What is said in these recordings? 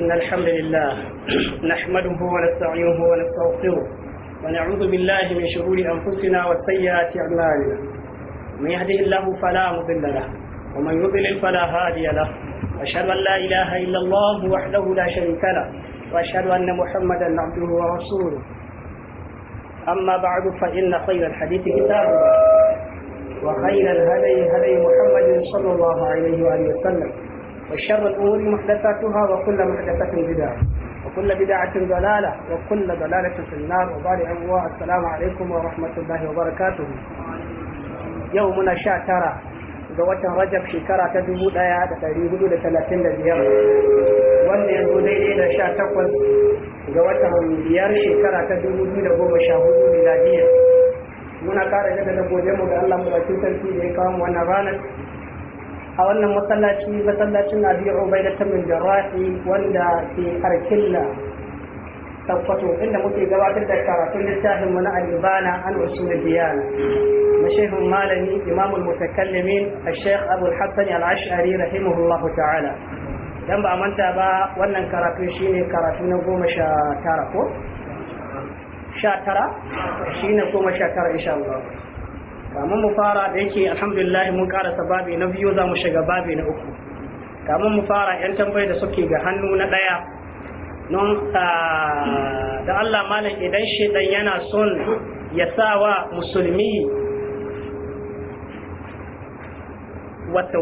إن الحمد لله نحمده ونستعينه ونستغفره ونعوذ بالله من شرور أنفسنا وسيئات أعمالنا من يهده الله فلا مضل له ومن يضلل فلا هادي له أشهد أن لا إله إلا الله وحده لا شريك له وأشهد أن محمدا عبده ورسوله أما بعد فإن خير الحديث كتاب الله وخير الهدي هدي محمد صلى الله عليه واله وسلم وشر الامور محدثاتها وكل محدثه بدعه وكل بدعه ضلاله وكل ضلاله في النار وبارك الله السلام عليكم ورحمه الله وبركاته يومنا شاترا ترى watan رجب shekara ta dubu daya da dari hudu da talatin da biyar wannan yanzu daidai da sha takwas ga watan biyar muna kara daga da gode mu ga Allah mu bakin sarki da ya kawo mu wannan ranar a wannan masallaci masallacin Abi Ubaida da min Jarrahi wanda ke Arkilla tabbato inda muke gabatar da karatun littafin mu na Al-Ibana an usul diyan malami imamul mutakallimin al-shaykh Abu al-Hasan al-Ash'ari rahimahullahu ta'ala dan ba manta ba wannan karatu shine karatu na goma sha tara ko sha tara shi ne goma sha tara insha Allah kamar mu fara da yake alhamdulillah mun karasa babi na biyu za mu shiga babi na uku kamar mu fara yan tambayi da suke ga hannu na ɗaya non ah, da Allah malam idan shedan yana son ya sa wa musulmi wasi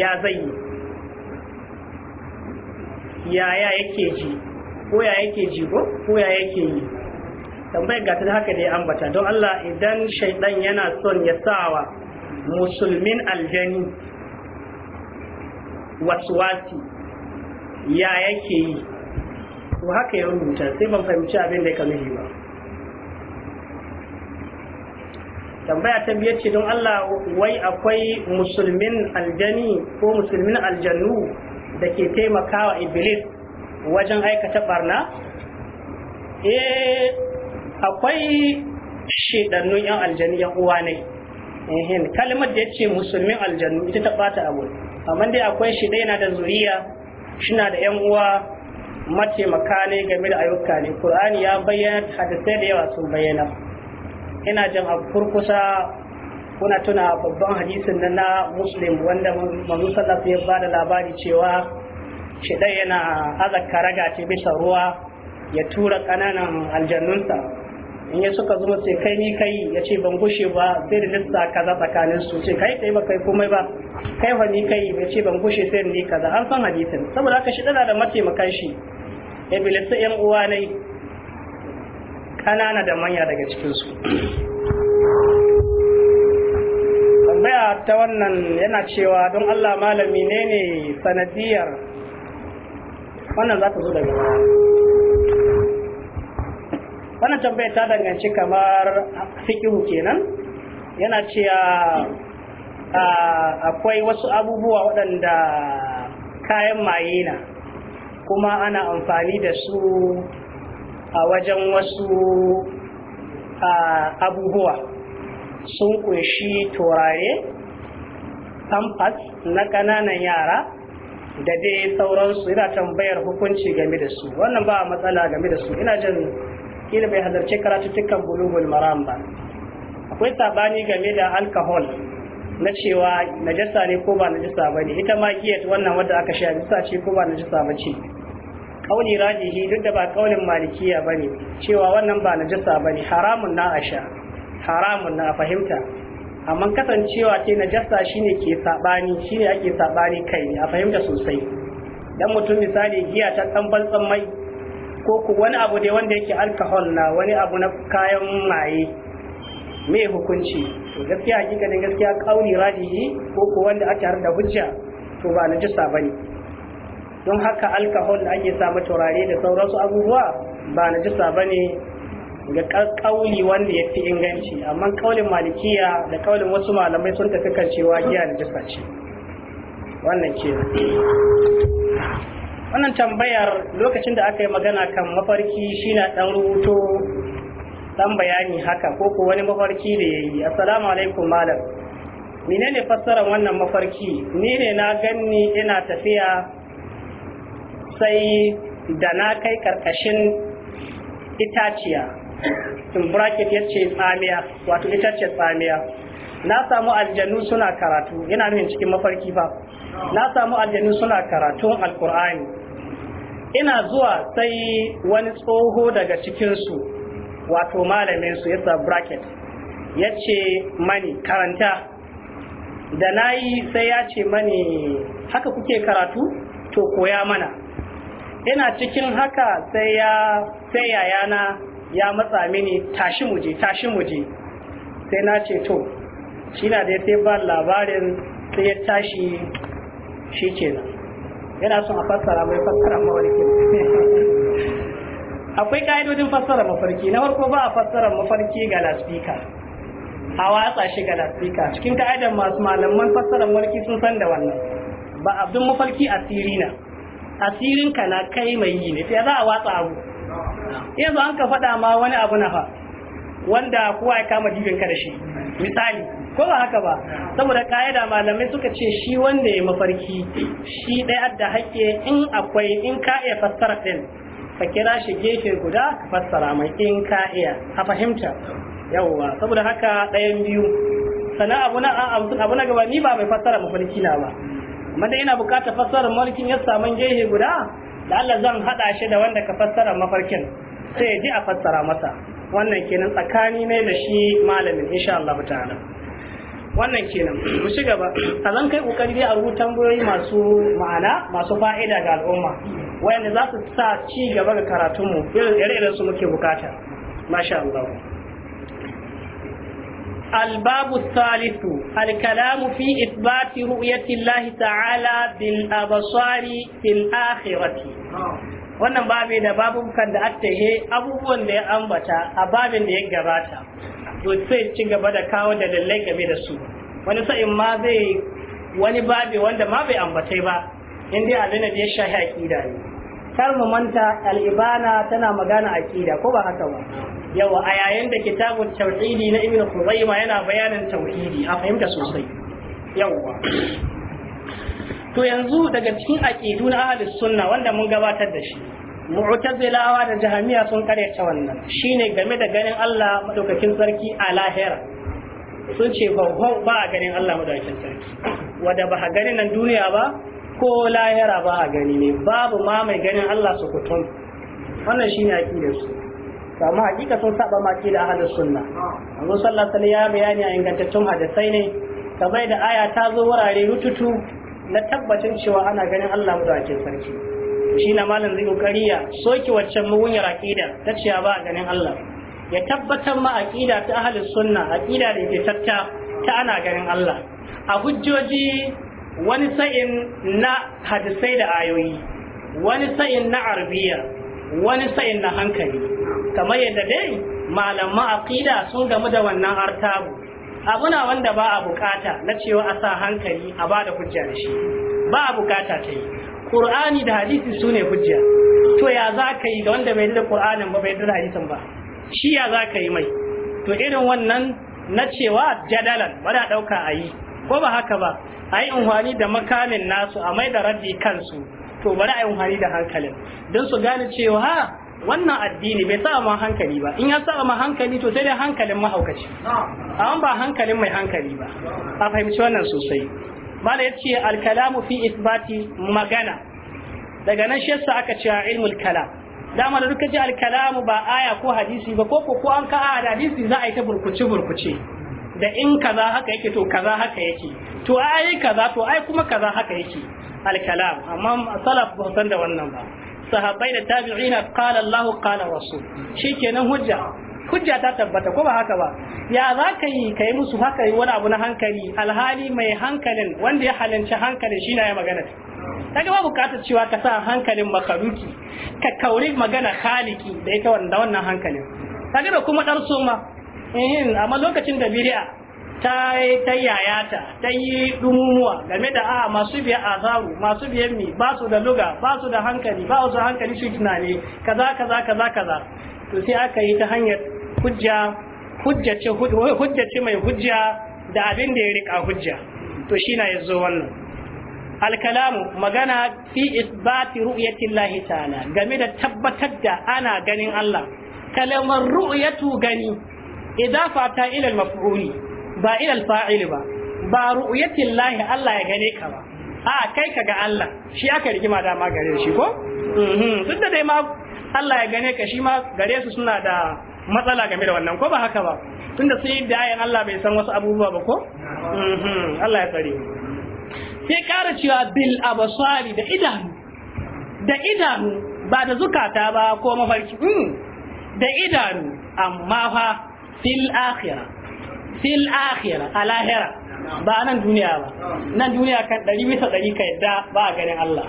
ya zai yi yaya yake ji ko ya yake ji ko ko ya yake yi tambayar ga ta haka da ya ambata don Allah idan shaidan yana son ya sawa musulmin aljani waswasi ya yake yi to haka ya rubuta sai ban fahimci abin da ya kamar ba tambaya ta biyar ce don Allah wai akwai musulmin aljani ko musulmin aljannu da ke taimakawa iblis wajen aikata barna eh akwai shedannun yan aljanu yan uwa ne ehin kalmar da yace musulmin aljanu ita ta bata abu amma dai akwai shi dai yana da zuriya shina da yan uwa mataimaka ne game da ayyuka ne qur'ani ya bayyana hadisai da yawa sun bayyana ina jin a kurkusa muna tuna babban hadisin nan na muslim wanda manzo sallallahu ya bada labari cewa ɗaya yana azaka raga ce bisa ruwa ya tura kananan aljannunsa in ya suka zuma sai kai ni kai ya ce ban gushe ba sai da lissa kaza tsakanin su ce kai kai ba kai komai ba kai fa ni kai ya ce ban gushe sai ni kaza an san hadisin saboda haka shi dana da mataimakan shi ya bilisa yan uwa ne kanana da manya daga cikin su tambaya ta wannan yana cewa don Allah malami ne ne sanadiyar wannan za ta zo daga wannan tambaya ta danganci kamar fikihu kenan yana cewa akwai wasu abubuwa waɗanda kayan maye na kuma ana amfani da su a wajen wasu abubuwa sun ƙunshi turare pampas na ƙananan yara da dai sauransu ina tambayar hukunci game da su wannan ba matsala game da su ina jin kila bai halarci karatuttukan bulugul maram ba akwai sabani game da alcohol na cewa najasa ne ko ba najasa ba ne ita ma giyat wannan wadda aka sha a ce ko ba najasa ba ce kauli rajihi duk da ba ƙaunin malikiya ba ne cewa wannan ba najasa ba ne haramun na a sha haramun na fahimta amma kasancewa ce najasa shine ke sabani shine ake sabani kai ne a fahimta sosai dan mutum misali giya ta tsamban tsammai ko ku wani abu dai wanda yake alcohol na wani abu na kayan maye mai hukunci to gaskiya hakikanin gaskiya radi rajihi ko ku wanda ake har da hujja to ba na ba bane don haka alcohol da ake sa turare da sauransu abubuwa ba na ba bane ga kauli wanda ya fi inganci amma kaulin malikiya da kaulin wasu malamai sun tafi kan cewa giya da jisa ce wannan ke wannan tambayar lokacin da aka yi magana kan mafarki shi na ɗan rubuto ɗan bayani haka ko ko wani mafarki da ya yi assalamu alaikum malam menene fassarar wannan mafarki ni ne na ganni ina tafiya sai da na kai karkashin itaciya in bracket ya ce tsamiya wato ita ce tsamiya na samu aljanu suna karatu yana nufin cikin mafarki ba na samu aljanu suna karatun alkur'ani ina zuwa sai wani tsoho daga cikinsu wato malamin su yasa bracket ya ce mani karanta da na yi sai ya ce mani haka kuke karatu to koya mana ina cikin haka sai ya sai yayana ya matsa mini tashi muje tashi muje sai na ce to shi na da sai ba labarin sai ya tashi shi nan yana son a fassara mai fassara mawarki akwai ka'idodin fassara mafarki na farko ba a fassara mafarki ga laspika a watsa shi ga laspika cikin ka'idar masu malaman fassara mafarki sun san da wannan ba abdun mafarki asiri na asirin ka na kai mai yi ne sai za a watsa abu yanzu an ka faɗa ma wani abu na fa wanda kowa ya kama dibin ka da shi misali ko ba haka ba saboda ka'ida malamai suka ce shi wanda ya mafarki shi ɗaya da hakke in akwai in ka iya fassara ɗin ka kira shi gefe guda ka fassara mai in ka iya a fahimta yawwa saboda haka ɗayan biyu sannan abu na abu na gaba ni ba mai fassara mafarki na ba amma dai ina bukatar fassarar mulkin ya samu gehe guda da Allah zan haɗa shi da wanda ka fassara mafarkin sai ya ji a fassara masa wannan kenan tsakani ne da shi malamin insha Allah ta'ala wannan kenan mu ci gaba a zan kai kokari dai a rubuta tambayoyi masu ma'ana masu fa'ida ga al'umma wayanda za su sa ci gaba ga karatunmu irin irin su muke bukata masha Allah الباب الثالث الكلام في إثبات رؤية الله تعالى بالأبصار في الآخرة wannan babi da babubukan da aka yi abubuwan da ya ambata a babin da ya gabata to sai ci gaba da kawo lallai game da su wani sa'in ma zai wani babi wanda ma bai ambatai ba in dai abin da ya shahi akida ne kar mu manta al'ibana tana magana akida ko ba haka ba yawa a yayin da kitabun tauhidi na Ibn khuzaima yana bayanin tauhidi a fahimta sosai yawa to yanzu daga cikin aqidu na ahlus sunna wanda mun gabatar da shi mu'tazilawa da jahamiya sun karyata wannan shine game da ganin Allah madaukakin sarki a lahira sun ce ba ba a ganin Allah madaukakin sarki wanda ba a ganin nan duniya ba ko lahira ba a gani ne babu ma mai ganin Allah su kutum wannan shine aqidar su to hakika sun saba ma da ahlus sunna Allah sallallahu alaihi ya bayani a ingantaccen hadisai ne kamar da aya ta zo wurare rututu na tabbacin cewa ana ganin Allah mu da sarki shi na malam zai kokari ya soki waccan mugunyar aqida ta cewa ba ganin Allah ya tabbatar ma aqida ta ahlus sunna aqida da ke tatta ta ana ganin Allah a hujjoji wani sa'in na hadisai da ayoyi wani sa'in na arabiya wani sa'in na hankali kamar yadda dai malaman aqida sun gamu da wannan artabu abuna wanda ba a bukata na cewa a sa hankali a bada hujja da shi ba a bukata ta yi qur'ani da hadisi su ne hujja to ya za ka yi ga wanda bai da qur'anin ba bai da hadisin ba shi ya za ka yi mai to irin wannan na cewa jadalan ba da dauka a yi ko ba haka ba a yi unhwani da makamin nasu a mai da raddi kansu to bari a yi unhwani da hankalin don su gane cewa wannan addini bai sa ma hankali ba in ya sa ma hankali to sai dai hankalin mahaukaci amma ba hankalin mai hankali ba a fahimci wannan sosai mala yace al kalamu fi isbati magana daga nan shi yasa aka cewa ilmul kalam dama da duka ji al kalamu ba aya ko hadisi ba ko ko an ka a hadisi za a yi ta burkuce burkuce da in kaza haka yake to kaza haka yake to ai kaza to ai kuma kaza haka yake al kalam amma salaf ba san da wannan ba sahabbai da tabi'ina qala Allahu qala rasul shikenan hujja hujja ta tabbata ko ba haka ba ya za ka yi ka yi musu haka yi wani abu na hankali alhali mai hankalin wanda ya halinci hankalin shi na ya magana Ta ga bukatar cewa ka sa hankalin makaruki ka kauri magana khaliki da ita wanda wannan hankalin Ta kuma dar soma eh, amma lokacin da ta ta yayata ta yi dumumuwa game da a masu biya azaru masu biyan mi ba su da luga ba su da hankali ba su hankali su tunani kaza kaza kaza kaza to sai aka yi ta hanyar hujja hujjace hujjace mai hujja da abin da ya rika hujja to shi na yazo wannan alkalamu magana fi isbati ru'yati ta'ala game da tabbatar da ana ganin Allah kalamar ru'yatu gani idafa ta ila al-maf'uli ba ilal fa'ili ba ba ru'yatin lahi Allah ya gane ka ba a kai ka ga Allah shi aka rigima ma gare shi ko mhm, duk da dai ma Allah ya gane ka shi ma gare su suna da matsala game da wannan ko ba haka ba tunda sai da ayan Allah bai san wasu abubuwa ba ko mhm, Allah ya tsare sai ƙara cewa bil abasari da idanu da idanu ba da zukata ba ko mafarki mhm, da idanu amma fa fil akhirah fil akhirah a lahira ba nan duniya ba nan duniya kan ɗari bisa ɗari ka yadda ba a ganin Allah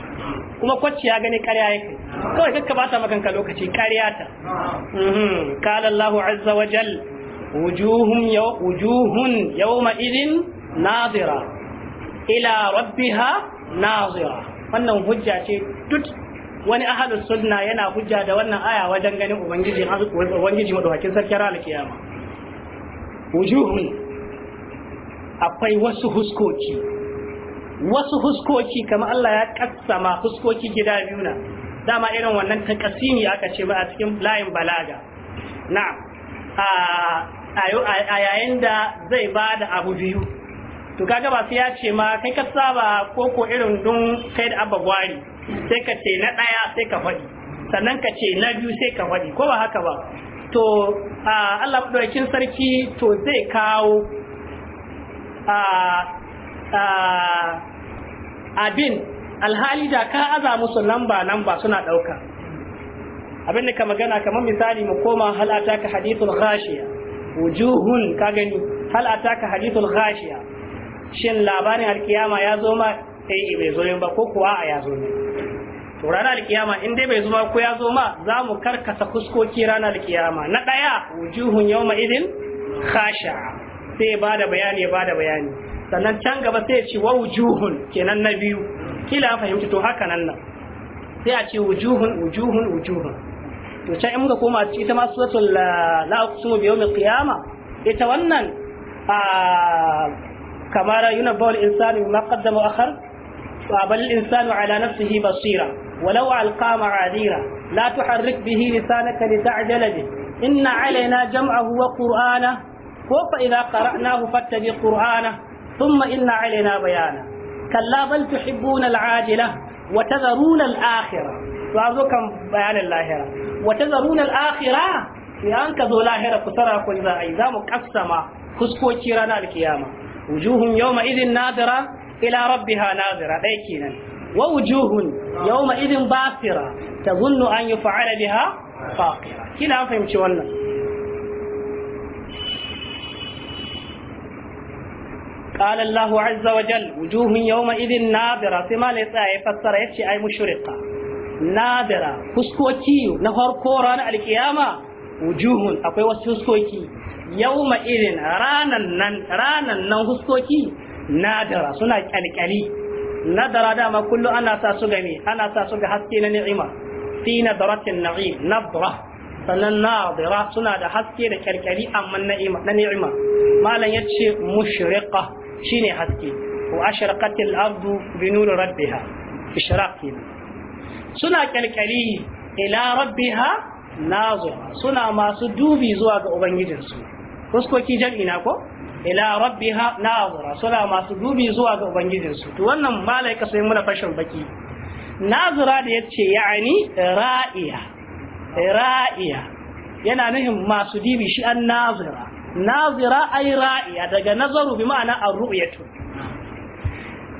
kuma kwacci ya gani ƙarya yake kawai kakka ba ta makanka lokaci ƙarya ta kala mhm. Allahu azza wa jal wujuhun wujuhun yawma idin nazira ila rabbiha nazira wannan hujja ce duk wani ahalus sunna yana hujja da wannan aya wajen ganin ubangiji ubangiji madaukakin sarki ranar kiyama wujuhun akwai wasu huskoki wasu huskoki kamar Allah ya kassama huskoki gida biyu na dama irin wannan takasimi aka ce ba a cikin layin balaga na'am a yayin da zai ba da abu biyu to kaga ba sai ya ce ma kai ka saba ko irin dun kai da abba gwari sai ka ce na daya sai ka faɗi sannan ka ce na biyu sai ka faɗi ko ba haka ba to Allah ɗaukin sarki to zai kawo abin alhali da ka aza musu lamba lamba suna ɗauka abin da ka magana kamar misali mu koma halata ka hadithul ghashiya wujuhun ka gani halata ka hadithul ghashiya shin labarin alkiyama ya zo ma eh bai zo ba ko kuwa a ya zo ne ranar alkiyama in dai bai zuba ko ya zo ma za mu karkasa fuskoki ranar alkiyama na ɗaya wujuhun yawma idin khasha sai ya bada bayani ya bada bayani sannan can gaba sai ya ce wa wujuhun kenan na biyu kila fahimci to haka nan nan sai a ce wujuhun wujuhun wujuhun to can in muka koma ita ma suratul la aqsimu bi yawmil qiyama ita wannan a kamar yunabbaul insanu bima qaddama akhar wa bal insanu ala nafsihi basira ولو ألقى معاذيره لا تحرك به لسانك لتعجل به إن علينا جمعه وقرآنه فإذا قرأناه فاتبع قرآنه ثم إن علينا بيانه كلا بل تحبون العاجلة وتذرون الآخرة وأرزقكم بيان اللاهرة وتذرون الآخرة في أنك ذو لاهرة كسرى كل ذا أيزام كسما كسكو القيامة وجوه يومئذ ناظرة إلى ربها ناظرة ديكينا ووجوه يومئذ باسرة تظن أن يفعل بها فاقرة كلا فهمت شوالنا قال الله عز وجل وجوه يومئذ نادرة ثم لتاي فسر يفشي أي مشرقة نادرة فسكوكي نهر كوران القيامة وجوه أقوى وسكوكي يومئذ رانا نن رانا نن فسكوكي نادرة سنة كالكالي nadara ma kullu ana sa su game ana sa su ga haske na ni'ima fi nadaratin na'im nadra sannan nadira suna da haske da kyarkyari amma na'ima na ni'ima malam yace mushriqa shine haske wa ashraqatil ardu bi nur rabbiha ishraqi suna kyarkyari ila rabbiha nazira suna masu dubi zuwa ga ubangijinsu fuskoki jam'i na ko ila rabbiha nazira suna masu dubi zuwa ga ubangijinsu to wannan malaika sai muna fashin baki nazira da yace yani ra'iya ra'iya yana nuhin masu dibi shi an nazira nazira ai ra'iya daga nazaru bi ma'ana ar-ru'yatu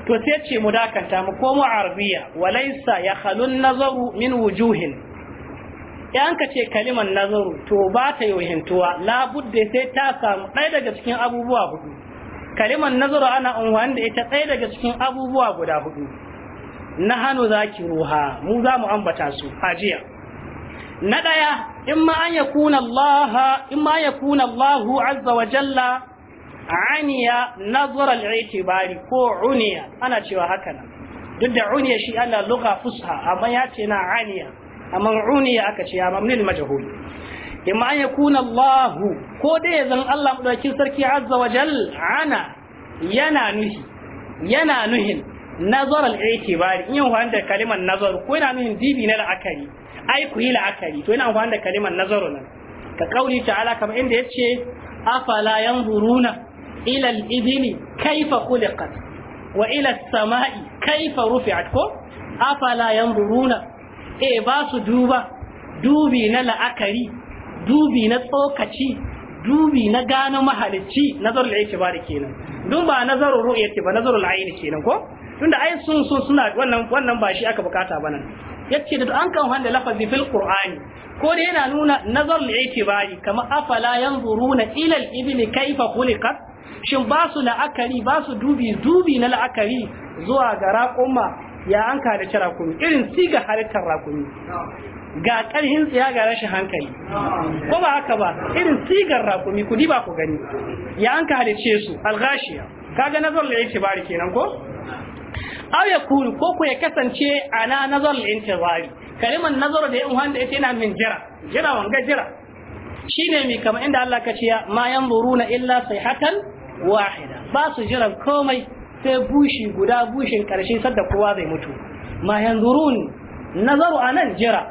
to sai ce mu dakanta mu komo arabiya walaysa yakhalun nazaru min wujuhin idan ka ce kalimar nazaru to ba ta yohintuwa labudde sai ta samu ɗaya daga cikin abubuwa hudu kalimar nazaru ana unwani da ita ɗaya daga cikin abubuwa guda hudu na hannu za ki ruha mu za mu ambata su ajiya na ɗaya in ma an yakuna Allah in ma yakuna Allah azza wa jalla aniya nazar al-i'tibari ko uniya ana cewa haka nan duk da uniya shi ana lugha fusha amma yace ce na aniya mam'uni aka ce ya mamnil majhul imma an yakuna Allah ko dai zan Allah mudaukin sarki azza wa jal ana yana nuhi yana nuhin nazar al-i'tibar in yawan da kalimar nazar ko yana nuhin dibi na la'akari ai ku yi la'akari to yana amfani da kalimar nazaru nan ka kauli ta'ala kamar inda yace afala yanzuruna ila al-ibli kaifa khuliqat wa ila as-sama'i kaifa rufi'at ko afala yanzuruna e ba su duba dubi na la'akari dubi na tsokaci dubi na gano mahalicci nazarul itibari kenan Don ba nazarul ru'yati ba nazarul aini kenan ko da ai sun sun suna wannan wannan ba shi aka bukata ba nan yace da an kan wanda lafazi fil qur'ani ko da yana nuna nazarul itibari kama afala yanzuruna ila al ibni kayfa khuliqat shin ba su la'akari ba su dubi dubi na la'akari zuwa ga raƙuma ya an ka da kunu irin siga halittar rakumi ga karhin tsaya ga rashin hankali ko ba haka ba irin sigar rakumi ku ba ku gani ya an ka halice su alghashiya kaga nazar da yake bari kenan ko aw kunu ko ku ya kasance ana nazar al-intizari kaliman nazar da yan wanda yake yana min jira jira wanga jira shine mi kamar inda Allah ka ce ma yanzuruna illa sayhatan wahida ba su jiran komai sai bushi guda bushin karshe sadda kowa zai mutu ma yanzurun nazaru anan jira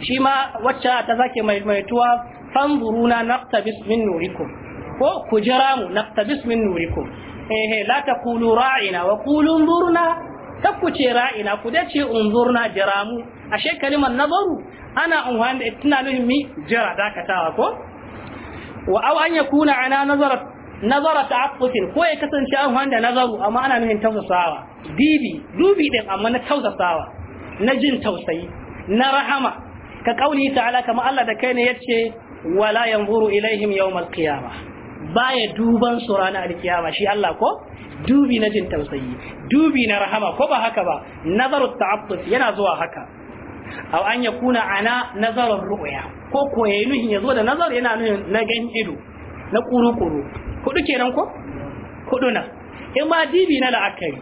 shi ma wacce ta sake mai tuwa fanzuruna naqtabis min nurikum ko ku jira mu naqtabis min nurikum eh la taqulu ra'ina wa qulu unzurna takkuce ra'ina ku ce unzurna jira mu ashe kalimar nazaru ana unwan da tana mi jira dakatawa ko wa aw an yakuna ana nazarat nazara ta'aqqufin ko ya kasance an wanda nazaru amma ana nufin tausasawa Bibi dubi din amma na tausasawa na jin tausayi na rahama ka kauli ta'ala kama Allah da kai ne yace wala yanzuru ilaihim yawm qiyamah baya duban su ranar alkiyama shi Allah ko dubi na jin tausayi dubi na rahama ko ba haka ba nazaru ta'aqquf yana zuwa haka aw an yakuna ana nazarar ru'ya ko ko ya zo da nazar yana nuhin na gan ido na kuru-kuru hudu kenan ko hudu na in ba dibi na la'akari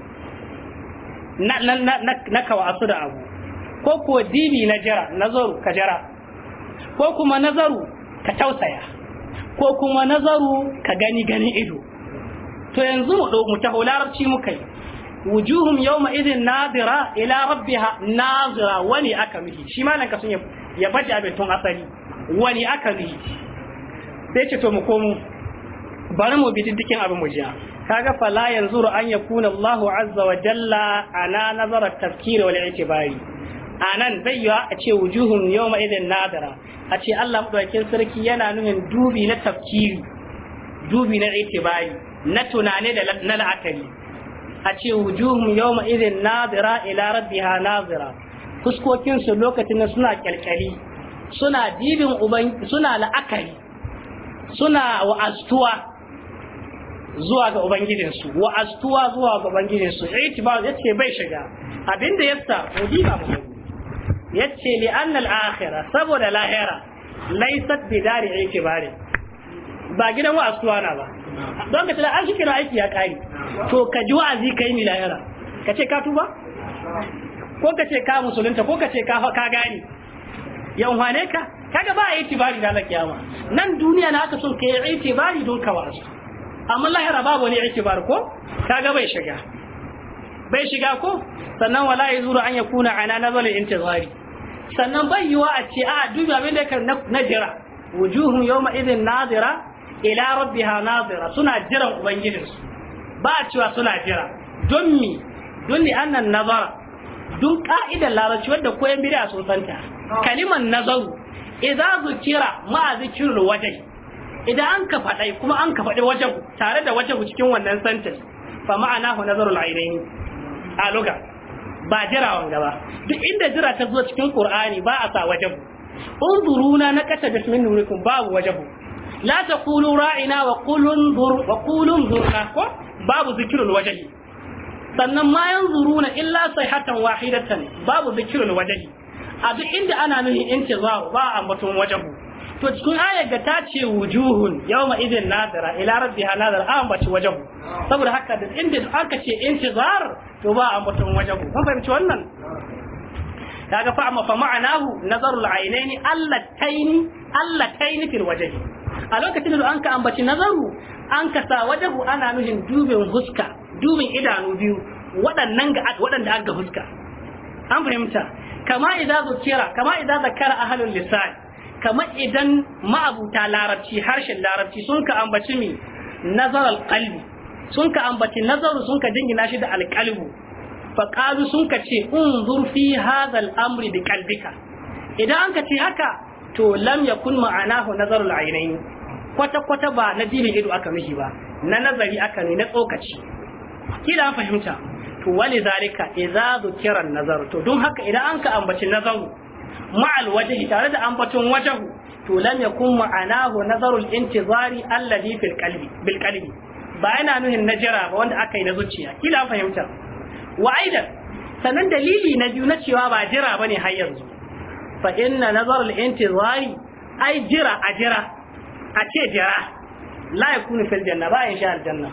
na na na na da abu ko kuwa dibi na jara nazaru ka jara ko kuma nazaru ka tausaya ko kuma nazaru ka gani gani ido to yanzu mu mu taho larabci muka yi wujuhum yawma idhin nadira ila rabbiha nazira wani aka mihi shi malan ka sun ya baje abin tun asali wani aka mihi sai ce to mu komo bari mu bi diddikin abin mu jiya kaga fala yanzuru an yakuna Allah azza wa jalla ala nazara tafkir wal itibari anan bai yiwa a ce wujuhun yawma idin nadara a ce Allah madaukakin sarki yana nuhin dubi na tafkiri dubi na itibari na tunani da na la'akari a ce wujuhun yawma idin nadira ila rabbiha nazira fuskokin su lokacin suna kyalkyali suna dibin uban suna la'akari suna wa'astuwa zuwa ga ubangijinsu wa'astuwa zuwa ga ubangijinsu itibar ce bai shiga abinda yasa ba mu yace li anna al-akhirah saboda lahira laysat bidari itibari ba gidan wa'astuwa na ba don ka tila an shi kira aiki ya kare to ka ji wa'azi kai ni lahira ka ce ka tuba ko ka ce ka musulunta ko ka ce ka gani yan wane ka kaga ba a itibari da kiyama nan duniya na aka so ka yi itibari don ka wasu amma lahira babu wani itibar ko kaga bai shiga bai shiga ko sannan wala yazuru an yakuna ana nazal intizari sannan bai yiwa a ce a dubi abin da ka na jira wujuhun yawma idin nazira ila rabbiha nazira suna jiran ubangijinsu ba a cewa suna jira don mi don ni annan nazara dun ka'idar larabci wadda koyan bid'a sun santa kaliman nazaru idza zukira ma zikirul wajhi idan an ka fadai kuma an ka faɗi wajen tare da wajen cikin wannan sentence fa ma'ana hu nazarul ainaini a ba jira wanga ba duk inda jira ta zo cikin qur'ani ba a sa wajen unzuruna na kata bismin nurikum babu wajen la taqulu ra'ina wa qul unzur wa qul unzurna ko babu zikirul wajhi sannan ma yanzuruna illa sayhatan wahidatan babu zikirul wajhi a duk inda ana nuhin intizar ba a ambaton wajahu to cikin ayar ga ta ce wujuhun yawma idin nadara ila rabbiha nadara a ambaci wajahu saboda haka da inda aka ce intizar to ba a ambaton wajahu kun fahimci wannan kaga fa amma fa ma'anahu nazarul aynaini allataini allataini fil wajhi a lokacin da an ka ambaci nazaru an ka sa wajahu ana nuhin dubin huska dubin idanu biyu waɗannan ga waɗanda aka huska an fahimta kama idan zukira kama idan zakara ahlul lisan kama idan ma'abuta larabci harshen larabci sun ka ambaci mi nazar alqalbi sun ka ambaci nazaru sun ka jingina shi da alqalbu fa qalu sun ka ce unzur fi hadha amri bi qalbika idan anka ka ce haka to lam yakun ma'anahu nazarul aynayn kwata kwata ba na dinin ido aka mishi ba na nazari aka ne na tsokaci kila fahimta to wali zalika idza dhukira nazar to don haka idan an ka ambaci nazaru ma'al wajhi tare da ambacin wajahu to lam yakun ma'anahu nazarul intizari alladhi fil qalbi bil qalbi ba yana nuhin na jira ba wanda aka yi na zuciya kila fahimta wa aidan sannan dalili na biyu na cewa ba jira bane har yanzu fa inna nazarul intizari ai jira a jira a ce jira la yakunu fil janna ba insha aljanna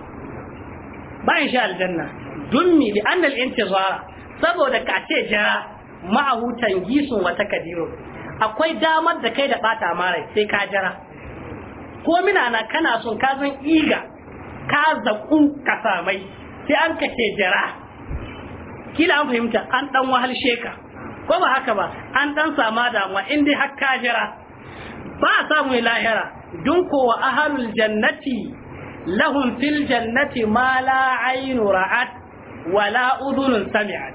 ba insha aljanna dummi li annal intizara saboda ka ce jira ma'ahu tangisun wata kadiro. akwai damar da kai da bata mara sai ka jira ko mina na kana son ka zan iga ka zaku ka samai sai an ka ce jira kila an fahimta an dan wahal sheka ko ba haka ba an dan sama damuwa in dai har ka jira ba samu lahira dun kowa ahalul jannati lahum fil jannati ma la aynu ra'at wala udhunun sami'at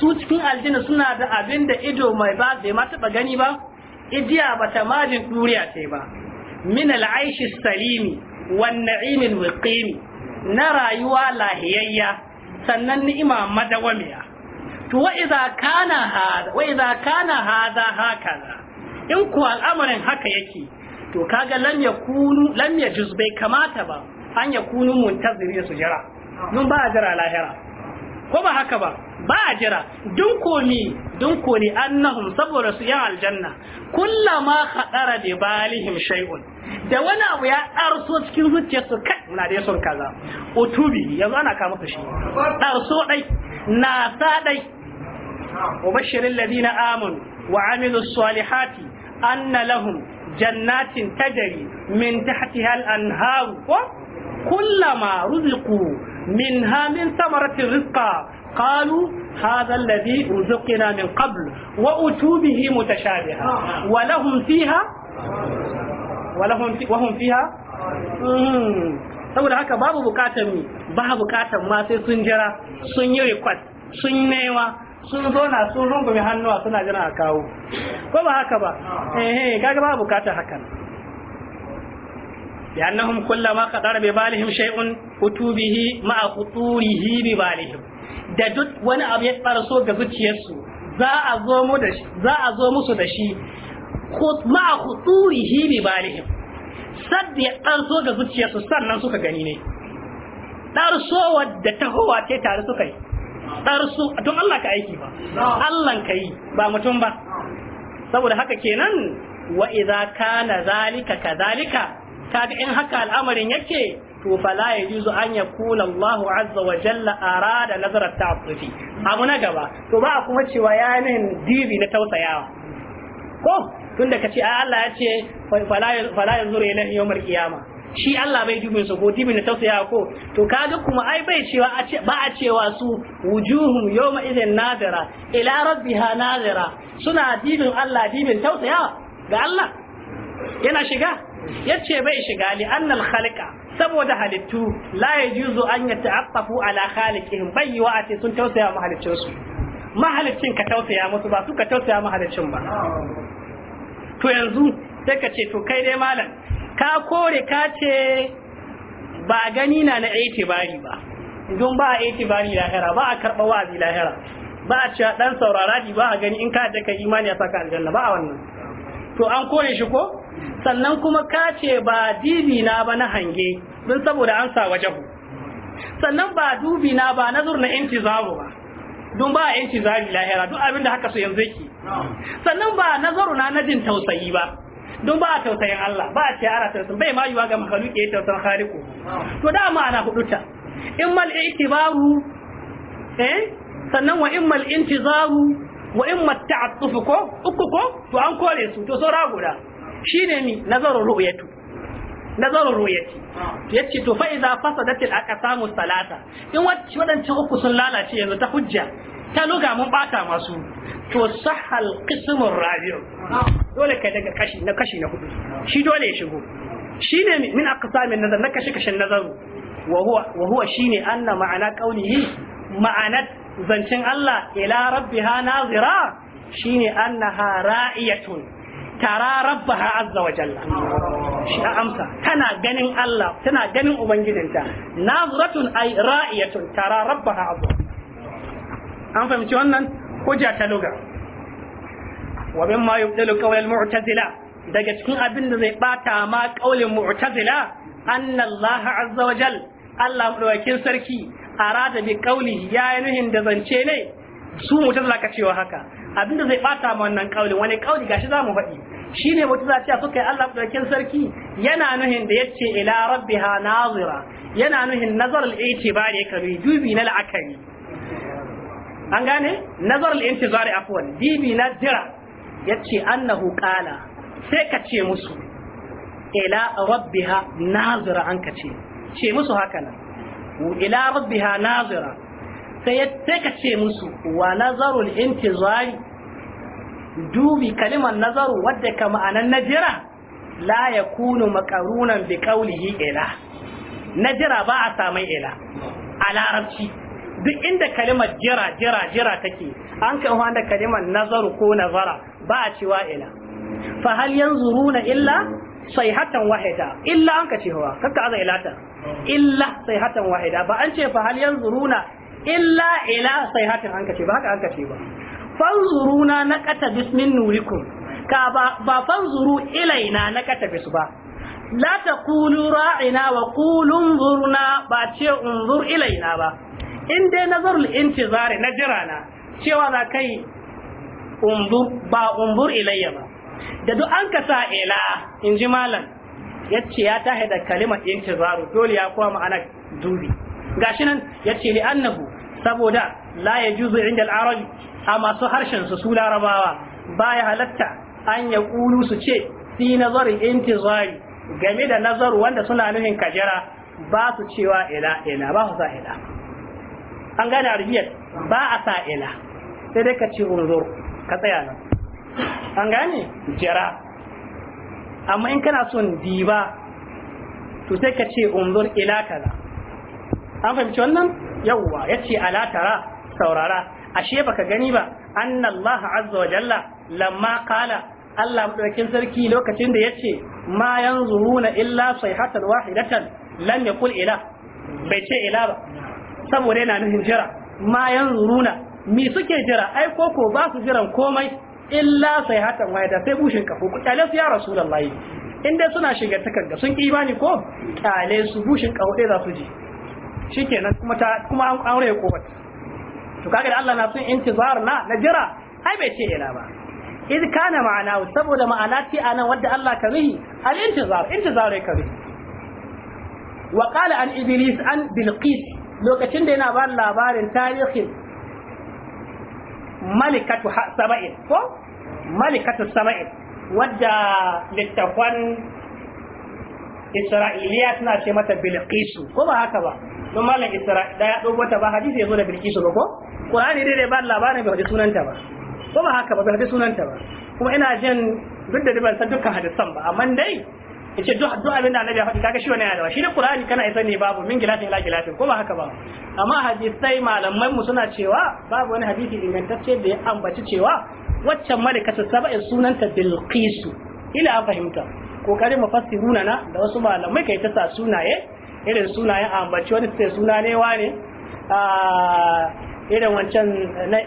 su cikin aljina suna da abin da ido mai ba bai ma taba gani ba ijiya ta majin duriya sai ba min aishi salimi wan al muqimi na rayuwa lahiyayya sannan ni'ima madawamiya to wa idza kana hada wa idza kana hada hakaza in ku al'amarin haka yake to kaga lam yakunu lam yajuz bai kamata ba an yakunu muntaziri su mun ba jira lahira ko ba haka ba ba a jira dunko ni, dunko ni, annahum saboda su yan aljanna kullama khadara da balihim shay'un da wani abu ya arso cikin zuciyarsu kai muna da son kaza utubi yanzu ana kama shi darso dai na sa dai ubashirin ladina amun wa amilus salihati anna lahum jannatin tajri min tahtiha al-anharu كلما رزقوا منها من ثمرة الرزق قالوا هذا الذي رزقنا من قبل وأتوا به متشابها ولهم فيها ولهم في وهم فيها saboda haka babu bukatan mi babu bukatan ma sai sun jira sun yi request sun nema sun zona sun rungume hannuwa suna jira a kawo ko ba haka ba eh kaga babu bukatan hakan لأنهم كلما قدر ببالهم شيء أتوا به مع خطوره ببالهم da duk wani abu ya tsarso ga zuciyarsu za a zo mu da shi za a zo musu da shi ma khuturihi bi balihim sad ya tsarso ga zuciyarsu sannan suka gani ne tsarso wadda tahowa ce tare suka yi tsarso don Allah ka aiki ba Allah ka yi ba mutum ba saboda haka kenan wa idza kana zalika kadhalika kaga in haka al'amarin yake to fala ya juzu an ya kula Allahu azza wa jalla arada nazarar ta'affufi abu na gaba to ba kuma cewa ya min dibi na tausayawa ko tunda ka ce Allah ya ce fala ya zura ila yawmar qiyama shi Allah bai dubin su ko dibin na tausayawa ko to kaga kuma ai bai cewa a ce ba a cewa su wujuhum yawma idhin nadira ila rabbiha nadira suna dibin Allah dibin tausayawa ga Allah yana shiga yace bai shiga li annal khalqa saboda halittu la yajuzu an yata'affafu ala khaliqihim bai yi wa'ati sun tausaya ma halicin su mahalicin ka tausaya musu ba su ka tausaya mahalicin ba to yanzu sai ka ce to kai dai malam ka kore ka ce ba gani na na itibari ba don ba a itibari lahira ba a karɓa wa'azi lahira ba a cewa dan saurara ba a gani in ka da kai imani ya saka aljanna ba a wannan to an kore shi ko sannan kuma ka ce ba dini na ba na hange don saboda an sa wajahu sannan ba dubi na ba nazar na intizaru ba don ba intizari lahira don abin da haka so yanzu yake sannan ba nazaru na na jin tausayi ba don ba a tausayin Allah ba a ce ara tausayin bai ma yiwa ga makhluki ya tausayin khaliqu to da ma ana ta in mal itibaru eh sannan wa in mal intizaru wa in ma ko uku ko to an kore su to saura guda Shi ne ni nazaru ru'yatu nazaru ru'yati ah. yace to fa idza fasadat al aqsamu salata in wacce uku sun lalace yanzu ta hujja ta luga mun bata masu to sahal qismur rabi'u ah. dole ka daga kashi na kashi na hudu shi dole ya shigo Shi ne min aqsamin nazar na kashi kashin nazaru wa huwa wa huwa anna ma'ana qawlihi ma'anat zancin Allah ila rabbiha nazira shine annaha ra'iyatun tara rabbaha azza wa jalla shi a amsa tana ganin Allah tana ganin ubangijinta nazratun ay ra'iyatun tara rabbaha azza an fahimci wannan hujja ta luga wa mimma yubdalu qawl mu'tazila daga cikin abin da zai bata ma qaulin mu'tazila anna Allah azza wa jalla Allah madawakin sarki arada bi qauli ya nuhin da zance ne su mutazila ka cewa haka abinda zai bata ma wannan kaulin wani kauli gashi za mu faɗi shi ne mutu zaciya suka yi Allah ɗaukin sarki yana nuhin da ya yace ila ha nazira yana nuhin nazar al ba ya kabi dubi na la'akari an gane nazar al-i'tibar afwan dubi na jira Ya ce annahu qala sai ka ce musu ila rabbi ha nazira an ka ce ce musu haka nan ila ha nazira sai ka ce musu wa nazarul intizari dubi kalimar nazaru wadda ka ma'anan jira, la ya kunu makarunan bi kaulihi ila jira ba a samai ila a larabci duk inda kalimar jira jira jira take an kan wanda kalimar nazaru ko nazara ba a cewa ila fa hal yanzuruna illa sai sayhatan wahida illa an ka hawa, kakka aza ilata illa sayhatan wahida ba an ce fa hal yanzuruna illa ila sai sayhatin an ka ce ba haka an ka ce ba Fanzuru na katabis min nuriku ka ba fanzuru ilaina na katabis ba la Kulu, ra'ina wa Kulun-zurna ba ce unzur ilaina ba in dai nazarul intizari na jira na cewa za kai unzur ba unzur ilayya ba da duk an ka sa ila in ji malam ya ce ya ta haida kalimar intizaru dole ya kuma ma'ana dubi gashi nan ce li annabu saboda la juzu inda al'arabi a masu harshen su su larabawa baya halatta an ya kulu su ce fi nazarin intizari game da nazaru wanda suna nufin kajara ba su cewa ila ila ba su sa ila an gane arabiyar ba a sa ila sai dai ka ce unzur ka tsaya nan an gane jira amma in kana son diba to sai ka ce unzur ila kaza an fahimci wannan yawwa ya ce ala tara saurara ashe baka gani ba annallaha azza wa jalla lamma qala Allah madaukakin sarki lokacin da yace ma yanzuruna illa sayhatan wahidatan lam yakul ila bai ce ila ba saboda yana nufin jira ma yanzuruna Me suke jira ai koko ba su jiran komai illa sayhatan wahida sai bushin kafu ku kyale su ya rasulullahi in dai suna shiga takarda sun ki bani ko kyale su bushin kafu dai za su ji shikenan kuma ta kuma an aure kofar to kaga da Allah na son intizar na na jira ai bai ce ila ba iz kana ma'ana saboda ma'ana ce anan wadda Allah ka rihi al intizar intizar ka rihi wa qala an iblis an bilqis lokacin da yana ba labarin tarihin malikatu saba'in ko malikatu saba'in wadda littafan Isra'iliya suna ce mata Bilqisu ko ba haka ba don malam isra da ya dogo ta ba hadisi yazo da bilkisu ba ko qur'ani dai dai ba labarin ba sunanta ba ko ba haka ba ba sunanta ba kuma ina jin duk da ban san dukkan hadisan ba amma dai yace duk duk abin da annabi ya faɗi kaga shi wannan ya da shi da qur'ani kana isa ne babu min gilatin ila gilatin ko ba haka ba amma hadisai malaman mu suna cewa babu wani hadisi ingantacce da ya ambaci cewa waccan malikatu saba'in sunanta bilqisu ila an fahimta kokarin mafassiruna na da wasu malamai kai ta sa sunaye irin sunayen ambaci wani suke suna ne wane irin wancan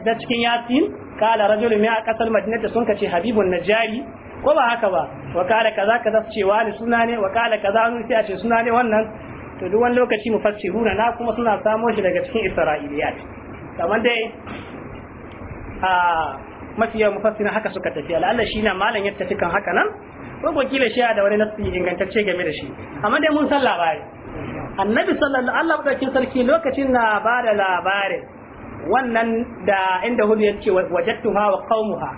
na cikin yasin kala rajulun mai a kasar madinata sun kace habibun najari ko ba haka ba wa kala kaza kaza su ce wani suna ne wa kala kaza wani sai a ce suna ne wannan to duk wani lokaci mu huna na kuma suna samo shi daga cikin isra'iliyat kamar dai a mafiya mufassirin haka suka tafi al'alla shi na malam ya tafi kan haka nan ko kila shi da wani nasu ingantacce game da shi amma dai mun san labari annabi sallallahu Allah madaukin sarki lokacin na ba da labarin wannan da inda hudu ya ce ha wa qaumuha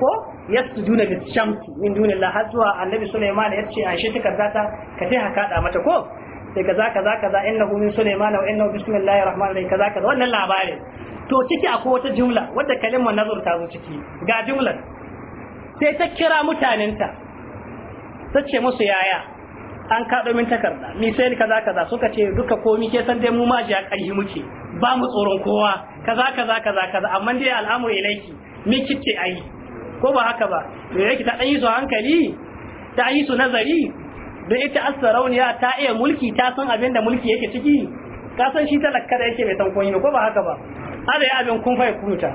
ko yasjuduna bi shamsi min dunillah har zuwa annabi Sulaiman ya ce ashe ta kaza ta ka ta haka mata ko sai kaza kaza kaza innahu min Sulaiman wa innahu bismillahir rahmanir rahim kaza kaza wannan labarin to ciki akwai wata jumla wadda kalimar nazar ta zo ciki ga jumlar sai ta kira mutanenta ta ce musu yaya an kaɗo min takarda mi sai ni kaza kaza suka ce duka komi ke san dai mu ma ji a ƙarhi muke ba mu tsoron kowa kaza kaza kaza kaza amma dai al'amuri ilaiki mi kike ayi ko ba haka ba me yake ta yi su hankali ta yi su nazari da ita asarauniya ta iya mulki ta san abin da mulki yake ciki ka san shi talaka da yake mai tankon ko ba haka ba ada ya abin kun fa'i kunuta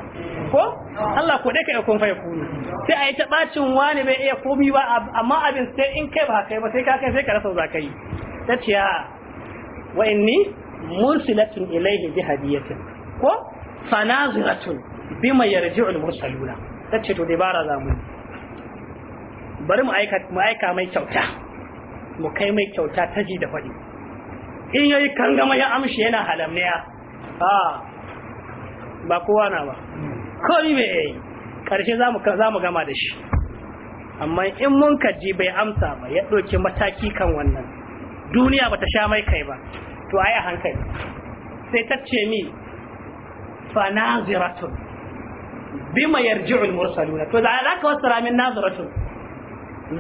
ko Allah ko dai kai kun fa yakunu sai a yi ta bacin wani bai iya komi ba amma abin sai in kai ba kai ba sai ka kai sai ka rasa za ka yi tace ya wa inni mursilatun ilaihi bi hadiyatin ko fanaziratun bima yarji'u al-mursaluna tace to dabara za mu bari mu aika mu aika mai kyauta mu kai mai kyauta ta ji da faɗi in yayi kangama ya amshi yana halamniya a ba kowa na ba komi bai yi karshe za mu gama da shi amma in mun kaji bai amsa ba ya ɗauki mataki kan wannan duniya ba ta sha mai kai ba to ai a hankali sai ta ce mi Fanaziratun. naziratun bima yarji'ul mursaluna to da za ka wasara min naziratun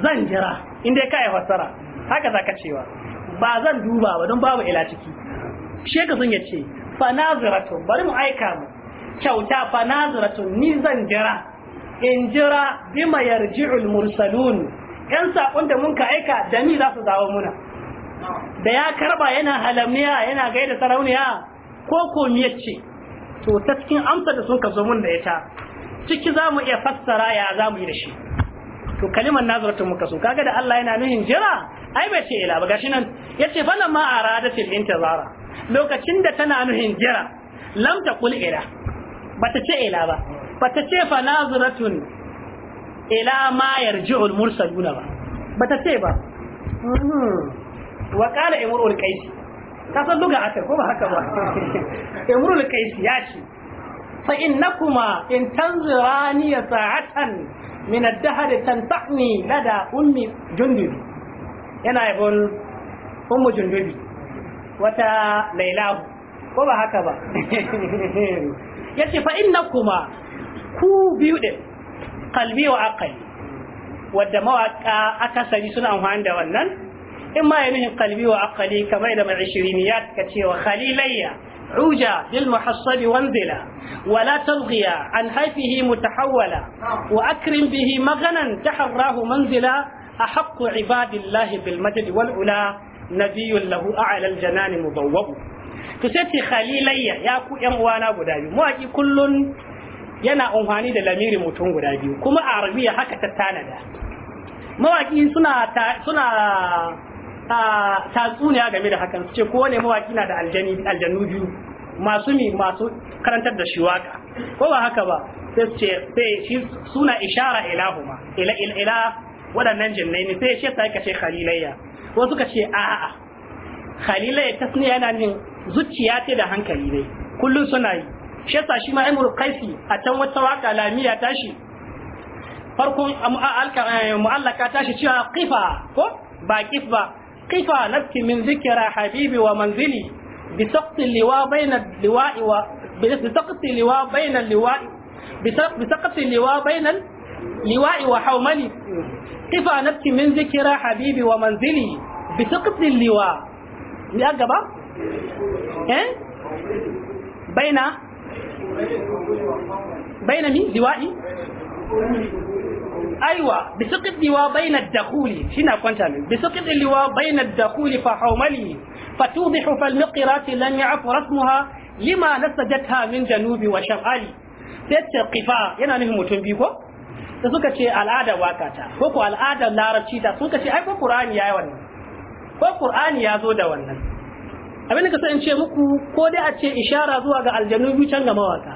zan jira inda ka yi fassara haka za ka cewa ba zan duba ba don babu ila ciki shekazin sun ya ce Fanaziratun. bari mu aika mu kyauta fa nazratun ni zan jira in jira bima yarji'ul mursalun yan sakon da mun ka aika da ni za su dawo muna da ya karba yana halamniya yana gaida sarauniya ko ko ce to ta cikin amsa da sun ka zo mun da ita ciki za mu iya fassara ya za mu yi da shi to kalimar nazaratun muka so kaga da Allah yana nuhin jira ai bai ce ila ba gashi nan yace falamma aradatil intizara lokacin da tana nuhin jira lam taqul ila bata ce ila ba bata ce fa nazratun ila ma yarji'ul mursaluna ba bata ce ba mhm. wa qala imrul qais ka san duga aka ko ba haka ba imrul qais ya ce fa innakuma in tanzirani sa'atan min ad-dahr tantani lada ummi jundubi yana yabon ummu jundubi wata lailahu ko ba haka ba ya fa fa’in kuma ku biyu ɗin kalbi wa akali wadda mawaƙa aka sani suna amfani da wannan in ma yi wa akali kamar da mai shirini ya ka ce wa khalilayya ruja bil wanzila wala la talghiya an haifihi mutahawwala wa akrim bihi maganan taharrahu manzila a haƙƙo ibadillahi bil majid wal ula nabiyun lahu mu janani mubawwabu to sai ce khalilayya ya ku yan uwana guda biyu mawaki kullun yana amfani da lamiri mutum guda biyu kuma a arabiya haka ta tanada mawaki suna suna tatsuniya game da hakan su ce ne mawaki na da aljanu biyu masu mi masu karantar da shi waka ko ba haka ba sai ce sai shi suna ishara ilahuma ila ila waɗannan jinnai ne sai shi sai ka ce khalilayya ko suka ce a'a khalilayya tasniya yana nin zuciya ce da hankali dai kullum suna yi shi yasa shi ma imru kaisi a can wata waka lamiya tashi farkon eh, mu'allaka tashi cewa qifa ko ba qif ba qifa nafki min zikra habibi wa manzili bi taqti liwa bayna liwa'i wa bi taqti liwa bayna liwa'i bi taqti liwa bayna liwa'i wa hawmani qifa nafki min zikra habibi wa manzili bi taqti liwa ya gaba eh baina baina mi diwa'i aiwa bi suqid liwa baina ad-dakhuli shina kwanta min bi suqid liwa baina ad-dakhuli fa hawmali fatudihu fal miqrat lan ya'fu rasmuha lima nasajatha min janubi wa shamali sai ta qifa yana nufin mutum biyu ko da suka ce al'ada wakata ko ko al'ada larabci ta suka ce ai ko qur'ani yayi wannan ko qur'ani ya zo da wannan abin da ka in ce muku ko dai a ce ishara zuwa ga aljanu biyu can ga mawaka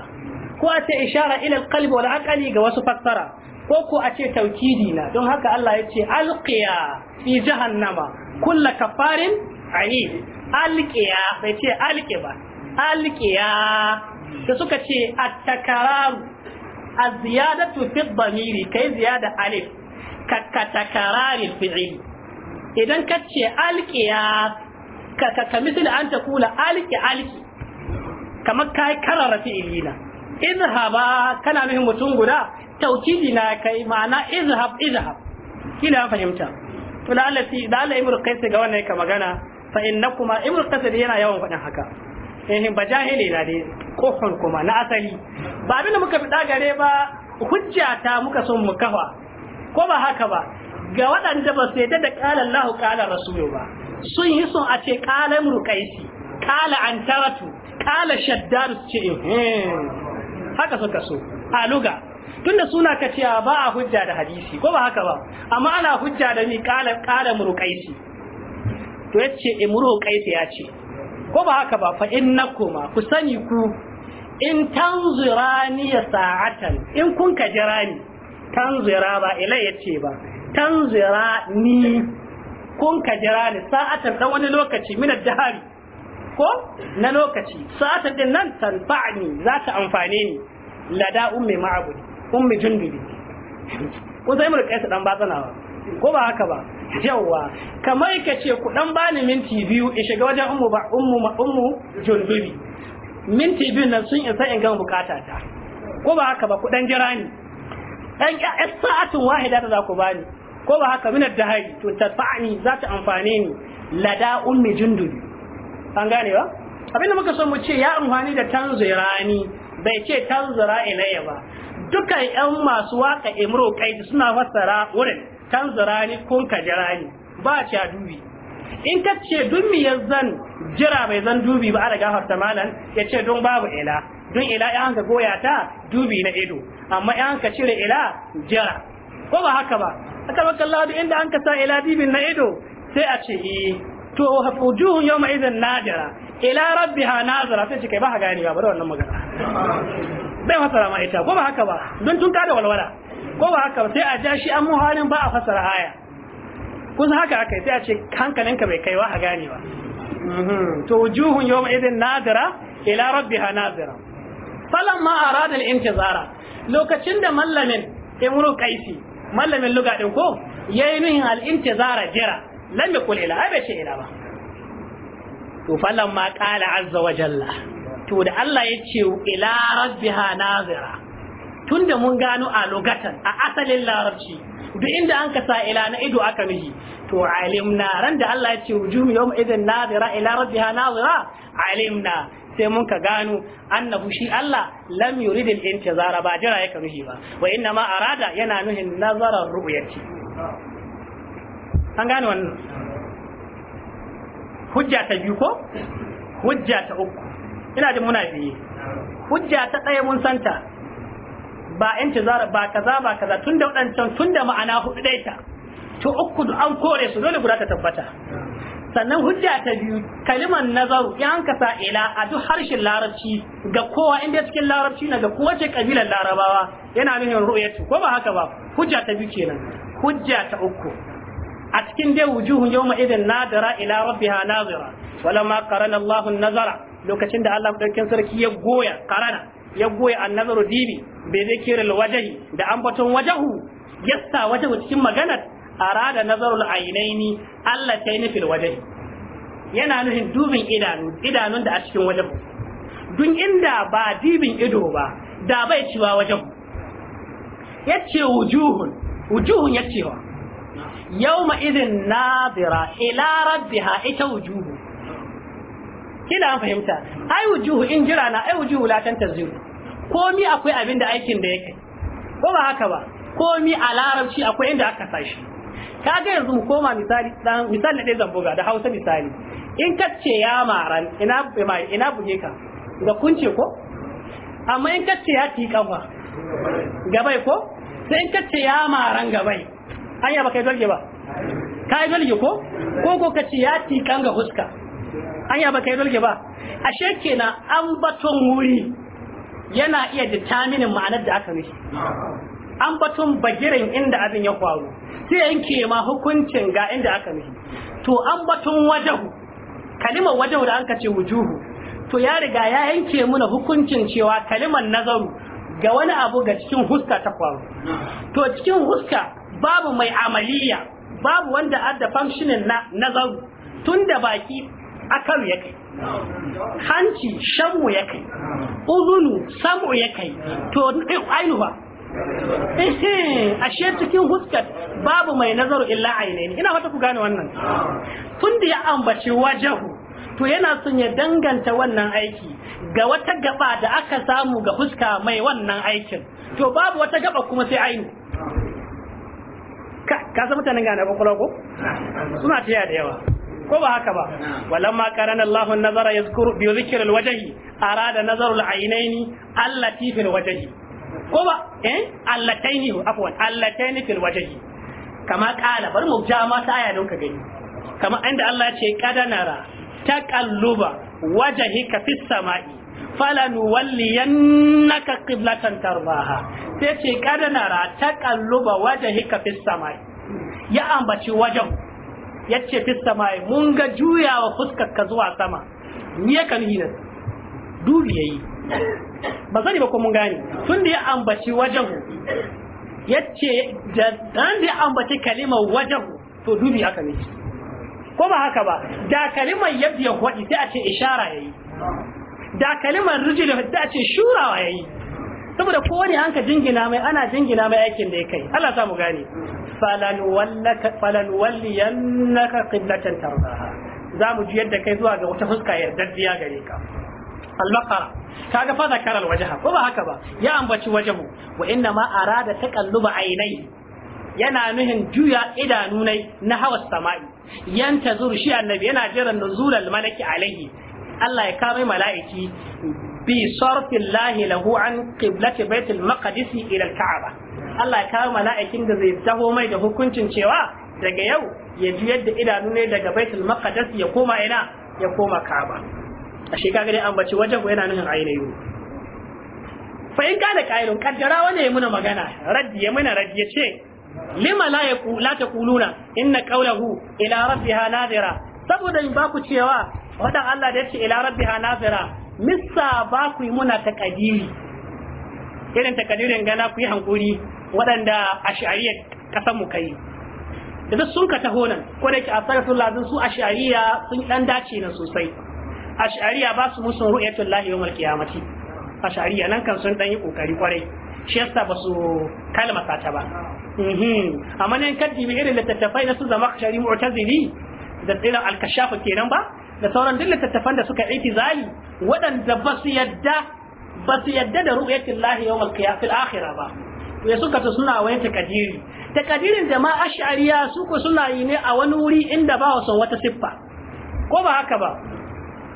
ko a ce ishara ila alqalbi wal aqli ga wasu fassara ko ko a ce taukidi na don haka Allah ya ce alqiya fi jahannama kullu kafarin ayi. alqiya bai ce alqi ba alqiya da suka ce at-takaram fi dhamiri kai ziyada alif ka takararin fi'ili idan ka ce alqiya ka ka misali an ta kula aliki aliki kamar ka yi karara fi'ilina izhaba kana nuhin mutum guda taukidi na kai ma'ana izhab izhab kina an fahimta to da Allah da Allah ibnu qais ga wannan ka magana fa innakuma ibnu qais yana yawan fadin haka eh ba jahili na dai kohon kuma na asali ba abin da muka fi gare ba hujja ta muka son mu kafa ko ba haka ba ga waɗanda ba su yadda da ƙalar lahu ƙalar rasulu ba sun yi sun a ce kala murkaisi kala antaratu kala shaddar su ce haka suka so a luga tunda suna ka cewa ba a hujja da hadisi ko ba haka ba amma ana hujja da ni kala kala murqaisi to yace imru qaisi ya ce ko ba haka ba fa innakuma ku sani ku in tanzirani ya sa'atan in kun ka jira ni tanzira ba ila yace ba tanzira ni kun ka jira ni sa'atan dan wani lokaci min al dahari ko na lokaci sa'atar din nan tanfa'ni za ta amfane ni lada ummi ma'abudi ummi jundubi ko sai mu kai dan batsanawa ko ba haka ba jawwa kamar ka ce ku dan bani minti biyu in shiga wajen ummu ba ummu ma ummu jundubi minti biyu nan sun isa in gama bukata ta ko ba haka ba ku dan jira ni dan sa'atun wahida da za ku bani ko ba haka minar da hari to fa'ani za ta amfane ni lada ummi jundubi an gane ba abinda muka so mu ce ya amfani da tanzirani bai ce tanzira ilayya ba dukkan yan masu waka imro kai suna fassara wurin tanzirani kun ka ba a dubi in ka ce dun mi zan jira bai zan dubi ba a gafarta malan ya ce don babu ila don ila ya hanka goya ta dubi na ido amma ya hanka cire ila jira ko ba haka ba aka maka Allah duk inda an ka sa ila dibin na ido sai a ce eh, to wujuhun yawma idan nadira ila rabbi rabbiha nazira sai kai ba ka gane ba wannan magana bai fasara ma ita ko ba haka ba don tun ka da walwala ko ba haka ba sai a ja shi an muhalin ba a fasara aya kun haka aka sai a ce hankalinka bai kai ba a gane ba mhm. to wujuhun yawma idan nadira ila rabbi ha rabbiha nazira falamma arada al-intizara lokacin da mallamin imru kaisi mallamin luga din ko yayi nuhin al-intizara jira lam yakul ila ai bai ce ila ba to falan ma qala azza wa jalla to da Allah ya ce ila rabbiha nazira tunda mun gano a lugatan a asalin larabci duk inda an kasa ila na ido aka miji to alimna ran da Allah ya ce wujuhu yawm idin nazira ila rabbiha nazira alimna sai mun ka gano annahu shi Allah lam yurid al intizara ba jira yake nuhi ba wa inna ma arada yana nuhin nazara ru'yati an gano wannan hujja ta biyu ko hujja ta uku ina jin muna biye hujja ta ɗaya mun santa ba intizara ba kaza ba kaza tunda wadancan tunda ma'ana hudu ɗaya ta to uku an kore su dole guda ta tabbata sannan hujja ta biyu kalimar nazaru ya hanka ila a duk harshen larabci ga kowa inda cikin larabci na ga kowace kabilar larabawa yana nuhin ru'yatu ko ba haka ba hujja ta biyu kenan hujja ta uku a cikin dai wujuhun yawma idin nadara ila rabbiha nazira walamma qarana Allahu nazara lokacin da Allah daukin sarki ya goya karana ya goya annazaru dibi bai zai kira wajahi da ambaton wajahu yasta wajahu cikin maganar arada nazarul ainaini Allah ta yi nufin waje yana nufin dubin idanu idanun da a cikin wajen dun inda ba dibin ido ba da bai cewa wajen yace wujuhun wujuhun yacewa yawma idin nadira ila rabbiha ita wujuhu kina fahimta ai wujuhu in jira na ai wujuhu la Ko komi akwai abin da aikin da yake ko ba haka ba komi a larabci akwai inda aka sashi Ka ga yanzu mu koma misali dan misali da zan buga da Hausa misali in ka ce ya maran ina mai ina buge ka ga kunce ko amma in ka ce ya tika ba gabai ko sai in ka ce ya maran gabai anya baka dolge ba ka yi dolge ko ko ko ka ce ya tikan ga huska anya baka dolge ba ashe kenan an baton wuri yana iya determining ma'anar da aka nishi an batun bagirin inda abin ya faru sai yanke ma hukuncin ga inda aka nufi to an batun wajahu kalimar wajahu da an ce wujuhu to ya riga ya yanke muna hukuncin cewa kalimar nazaru ga wani abu ga cikin huska ta kwaro to cikin huska babu mai amaliya babu wanda adda functioning na nazaru tunda baki akan ya hanci shamu ya kai uzunu samu ya kai to ainihi ashe cikin huskat babu mai nazaru illa aine ina wata ku gane wannan tun da ya ambaci wajahu to yana son ya danganta wannan aiki ga wata gaba da aka samu ga huska mai wannan aikin to babu wata gaba kuma sai aini ka san mutanen gane kwakwalwa ko suna tiya da yawa ko ba haka ba walan ma karana Allahu nazara yazkuru bi dhikri wajhi arada nazaru aynaini allati fil wajhi Kuma, ko ba eh allataini afwan allataini fil wajhi kama kala bari mu ja ma ta aya don ka gani kama inda Allah ya ce kadanara taqalluba wajhika fis samai falanuwalliyannaka qiblatan tarbaha sai ce kadanara taqalluba wajhika fis samai ya ambaci wajen yace fis samai mun ga juyawa fuskar ka zuwa sama ni ya kan hinan dubi yayi ba sani ba ko mun gane tun da ya ambaci wajen yace da dan da ya ambaci kalimar wajen to dubi aka ne ko ba haka ba da kalimar yadda ya wadi sai a ce ishara yayi da kalimar rijil da a ce shurawa yayi saboda kowane hanka jingina mai ana jingina mai aikin da ya kai Allah mu gane falanwalliyannaka qiblatan tarzaha. za mu ji yadda kai zuwa ga wata fuska yardaddiya gare ka al-baqara kaga fa zakara alwajha ko ba haka ba ya ambaci wajahu wa inna ma arada taqalluba ainai yana nuhin juya idanu na hawa sama'i yanta zuru shi annabi yana jiran nuzulal malaki alaihi Allah ya kame mala'iki bi sarfin lahi lahu an qiblati baitul maqdis ila al-ka'aba Allah ya kame mala'ikin da zai taho mai da hukuncin cewa daga yau ya juyar da idanu ne daga baitul maqdis ya koma ina ya koma ka'aba a shekara dai ambaci wajen yana nufin ainihu. fa in kana kailun kaddara wani ya muna magana raddi ya muna raddi ya ce lima la ya la ta kuluna inna qawlahu ila rabbiha nadira saboda in ba ku cewa wadan Allah da yace ila rabbiha nadira missa ba ku yi muna takadiri irin takadirin gana ku yi hankuri waɗanda ash'ariyya kasan mu kai da sun ka taho nan ko da ke asaratul lazin su ash'ariyya sun dan dace na sosai ash'ariya ba su musun ru'yatul lahi yawmal qiyamati ash'ariya nan kan sun dan yi kokari kwarai shi yasa ba su kalma ta ba mhm. amma nan kan bi irin littattafai na su zama shari mu'tazili da al alkashafa kenan ba da sauran duk littattafan da suka aiki zali waɗanda ba su yadda ba su yadda da ru'yatul lahi yawmal qiyamati fil akhirah ba ya suka ta suna wani takadiri takadirin da ma ash'ariya su ko suna yi ne a wani wuri inda ba son wata siffa ko ba haka ba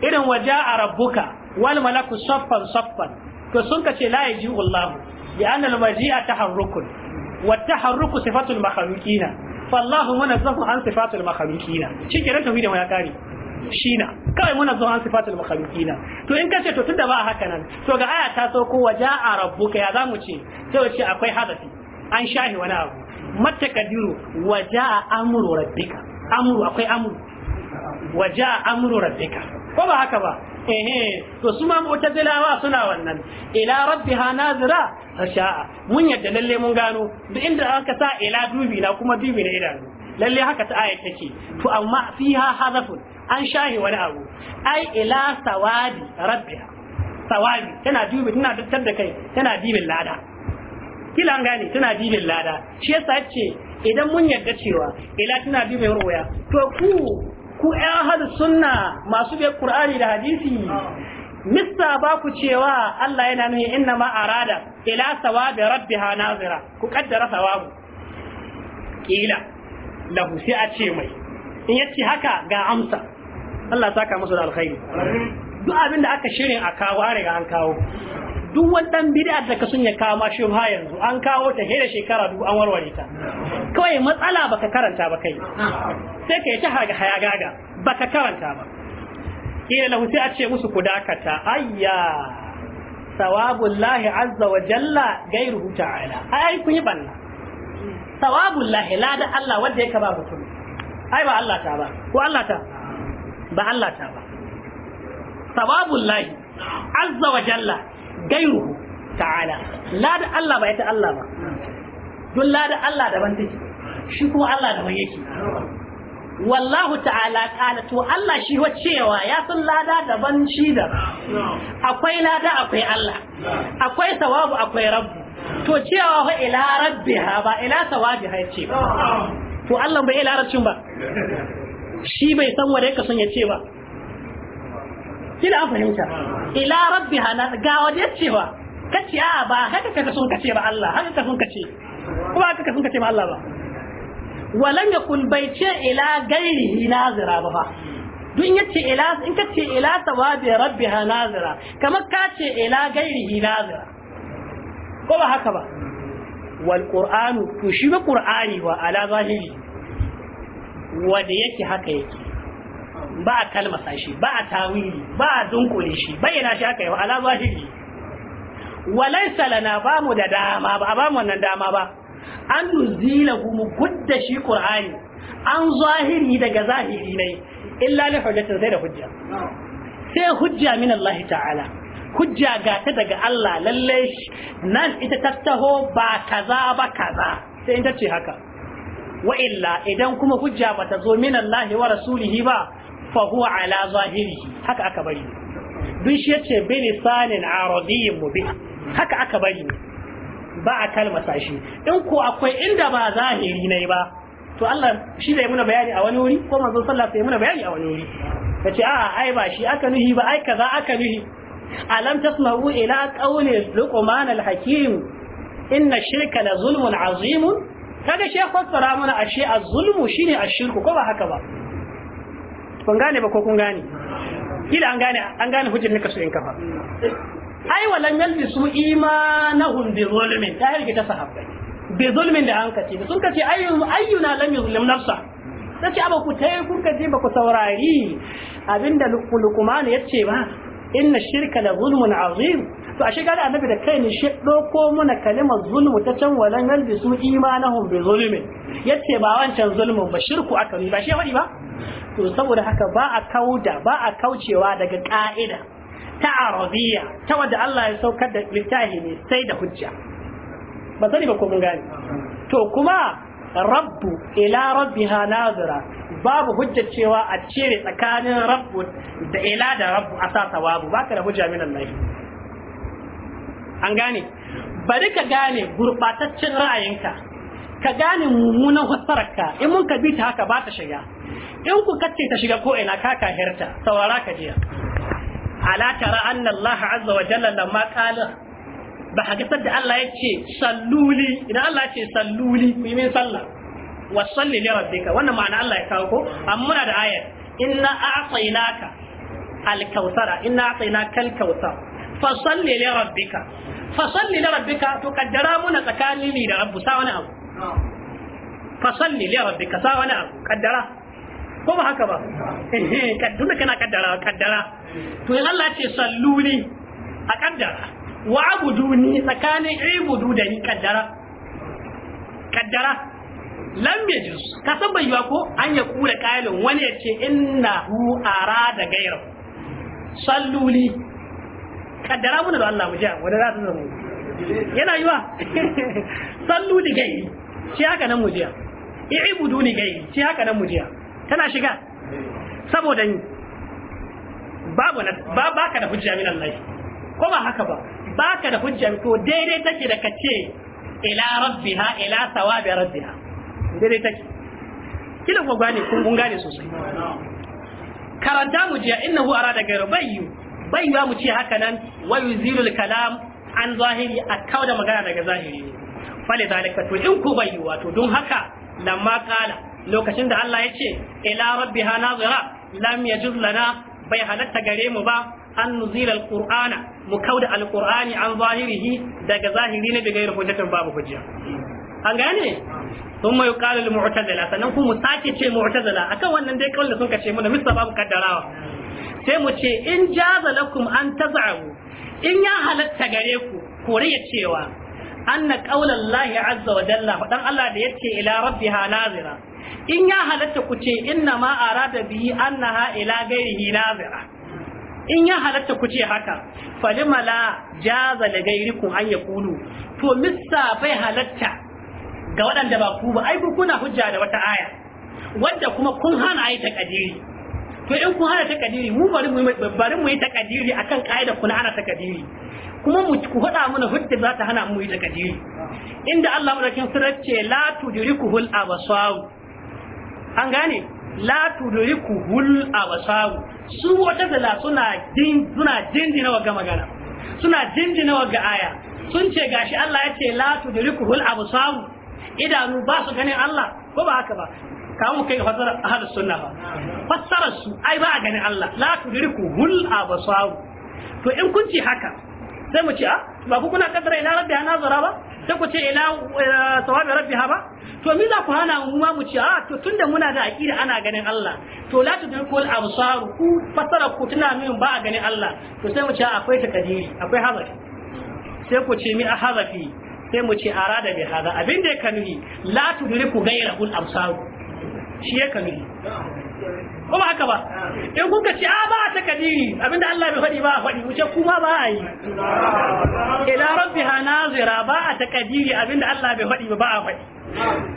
irin waje a rabbuka wal malaku saffan saffan to sun ka ce la yaji Allah bi annal maji'a taharrukun wa taharruku sifatul makhluqina fallahu munazzahu an sifatul makhluqina shi ke tauhidin ya kare shina kawai muna zo an sifatul makhluqina to in ka ce to tunda ba haka nan to ga aya ta so ko waja'a rabbuka ya zamu ce sai ce akwai hadafi an shahi wani abu matakadiru a amru rabbika amru akwai amru a amru rabbika ko ba haka ba eh to su ma mu'tazilawa suna wannan ila rabbiha nazira rasha'a mun yadda lalle mun gano duk inda aka sa ila dubi na kuma dubi na idanu lalle haka ta ayat take to amma fiha hadafun an shahi wani abu ai ila sawadi rabbiha sawadi tana dubi tana dukkan da kai tana dibin lada kila an gane tana dibin lada shi yasa ce idan mun yadda cewa ila tana dibin ruwaya to ku ku ƴan hadu sunna masu biyar ƙur'ani da hadisi mista ba ku cewa Allah yana nuna, inna ma arada ila sawabi rabbiha nazira ku kaddara sawabu kila lahu sai a ce mai in yace haka ga amsa Allah saka musu da alkhairi duk abin da aka shirin a kawo an riga an kawo duk wani dan bid'a da ka sun ya kawo ma shubha yanzu an kawo ta hira shekara dubu an warware ta kawai matsala baka karanta ba kai sai ka yi ta hayagaga baka karanta ba kila lahu sai a ce musu ku dakata ayya sawabullahi azza wa jalla gairuhu ta'ala ai kun yi banna sawabullahi ladan Allah wanda ya kaba mutum ai ba Allah ta ba ko Allah ta ba Allah ta ba sawabullahi azza wa jalla gairu ta'ala lada Allah ba ita Allah ba don lada Allah daban take shi kuma Allah daban yake wallahu ta'ala kala to Allah shi wa cewa ya san lada daban shi da akwai lada akwai Allah akwai sawabu akwai rabbu to cewa fa ila rabbiha ba ila sawabi ha ce to Allah bai ila rabbin ba shi bai san wanda yake son ya ce ba kila an fahimta ila rabbiha na ga waje cewa kace a ba haka kaka sun kace ba Allah haka kaka sun kace kuma haka kaka sun kace ba Allah ba walan yakun bai ce ila gairihi nazira ba fa duk yace ila in kace ila sawabi rabbiha nazira kamar kace ila gairihi nazira ko ba haka ba wal qur'anu to shi ba qur'ani wa ala zahiri wanda yake haka yake ba a kalmasa shi ba a tawili ba a dunkule shi bayyana shi haka yau ala zahiri Walai lana ba mu da dama ba ba mu wannan dama ba an nuzila mu gudda shi qur'ani an zahiri daga zahiri ne illa li hujjatin sai da hujja sai hujja min Allah ta'ala hujja ga ta daga Allah lalle nan ita tattaho ba kaza ba kaza sai in ta ce haka wa illa idan kuma hujja bata zo min Allah wa rasulihi ba fa ala zahirihi haka aka bari duk shi yace bi lisanin arabiyyin mubin haka aka bari ba a kalmasa shi in ko akwai inda ba zahiri ne ba to Allah shi zai muna bayani a wani wuri ko manzon sallah sai muna bayani a wani wuri kace a ai ba shi aka nuhi ba ai kaza aka nuhi alam tasma'u ila qawli luqman al-hakim inna shirka la zulmun azim kaga shi fassara mana ashe az-zulmu shine ash-shirku ko ba haka ba kun gane ba ko kun gane kila an gane an gane hujjar nika su in kafa ai walan yalbi su imanahum bi zulmin ta harge ta sahabbai bi zulmin da an kace sun kace ayyuna lam yuzlim nafsa tace aba ku tayi kun kace ba ku saurari abinda luqman yace ba inna shirka la zulmun azim to ashe ga annabi da kai ne shi doko muna kalimar zulmu ta can walan yalbi su imanahum bi zulmin yace ba wancan zulmun ba shirku aka ba shi ya ba to saboda haka ba a kauda ba a kaucewa daga ka'ida ta arabiya ta wanda Allah ya saukar da littafi ne sai da hujja ba sani ba ko mun gane to kuma rabbu ila rabbiha nazira babu hujja cewa a cire tsakanin rabbu da ila da rabbu a sa sawabu baka da hujja min Allah an gane bari ka gane gurbataccen ra'ayinka ka gane mummunan fassararka in mun ka bi ta haka ba ta shiga in ku kace ta shiga ko ina ka kahirta saurara ka jiya ala tara anna Allah azza wa jalla lamma qala ba haka da Allah yace salluli idan Allah yace salluli ku yi min sallah wa salli li rabbika wannan ma'ana Allah ya kawo ko amma da ayat inna a'tainaka al-kautsara inna a'tainaka al-kautsar fa salli li rabbika fa salli li rabbika to kaddara muna tsakanin ni da rabbu sa wani abu fa salli li rabbika sa wani abu kaddara ko ba haka ba tun kana kaddara kaddara to in Allah ce salluni a kaddara wa abuduni tsakanin ibudu da ni kaddara kaddara lam yajus ka san bai yiwa ko an ya kula kailin wani ya ce inna hu da gairu salluli kaddara muna da Allah mu ji wanda za ta zama yana yiwa salluli gairi shi haka nan mu ji ibudu ni gairi shi haka nan mu ji tana shiga saboda ni babu ba baka da hujja min Allah ko ba haka ba baka da hujja ko daidai take da kace ila rabbiha ila sawabi rabbiha daidai take kila ko gane kun kun gane sosai karanta mu jiya innahu arada gairu bayyu bayyu mu ce haka nan wa yuzilul kalam an zahiri a kawo da magana daga zahiri ne fale zalika to in ku bayyu wato don haka lamma kala lokacin da Allah ya ce ila rabbiha nazira lam yajuz lana bai halatta gare mu ba an nuzila alqur'ana mu kauda alqur'ani an zahirihi daga zahiri ne bigayar hujjatin babu hujja an gane ثم يقال للمعتزله sannan ku sake ce mu'tazila akan wannan dai kawai da sun kace mana misa babu kaddarawa sai mu ce in jaza lakum an taz'u in ya halatta gare ku kore ya cewa anna qaulan lahi azza wa jalla fadan Allah da yake ila rabbiha nazira in ya halatta ku ce inna ma arada bihi annaha ila ghairihi nazira in ya halatta ku ce haka falima la jaza li ghairikum an yaqulu to missa bai halatta ga waɗanda ba ku ba ai ku kuna hujja da wata aya wadda kuma kun hana ayi takadiri to in kun hana takadiri mu bari mu bari mu yi takadiri akan kaida kuna ana takadiri kuma mu ku hada mana hudda za ta hana mu yi takadiri inda Allah madaukin surat ce la tudrikuhul abasar an gane la tudrikuhul abasar su wata da suna din suna dindina wa magana suna dindina wa ga aya sun ce gashi Allah ya ce la tudrikuhul abasar idanu ba su ganin Allah ko ba haka ba kawo kai fasara ahlus sunna ba fasara su ai ba a ganin Allah la tudrikuhul abasar to in kun ce haka sai mu ce a ah, ba ku kuna kaddara ila rabbiha nazara ba sai ku ce ila eh, sawabi rabbiha ba to mi za ku hana mu ma mu ce a ah, to tunda muna da aqida ana ganin Allah to la tudrikul absar ku fasara ku tuna min ba a ganin Allah to sai mu ce ah, akwai takadiri akwai hazafi sai ku ce mi a hazafi sai mu ce arada bi hada abin da ya kanuni la tudriku ghayrul absar shi ya kanuni ko ba haka ba in kuka ce a ah, ba ta kadiri abinda Allah bai faɗi ba a faɗi wuce kuma ba a yi ila rabbiha nazira ba a ta abinda Allah bai faɗi ba a faɗi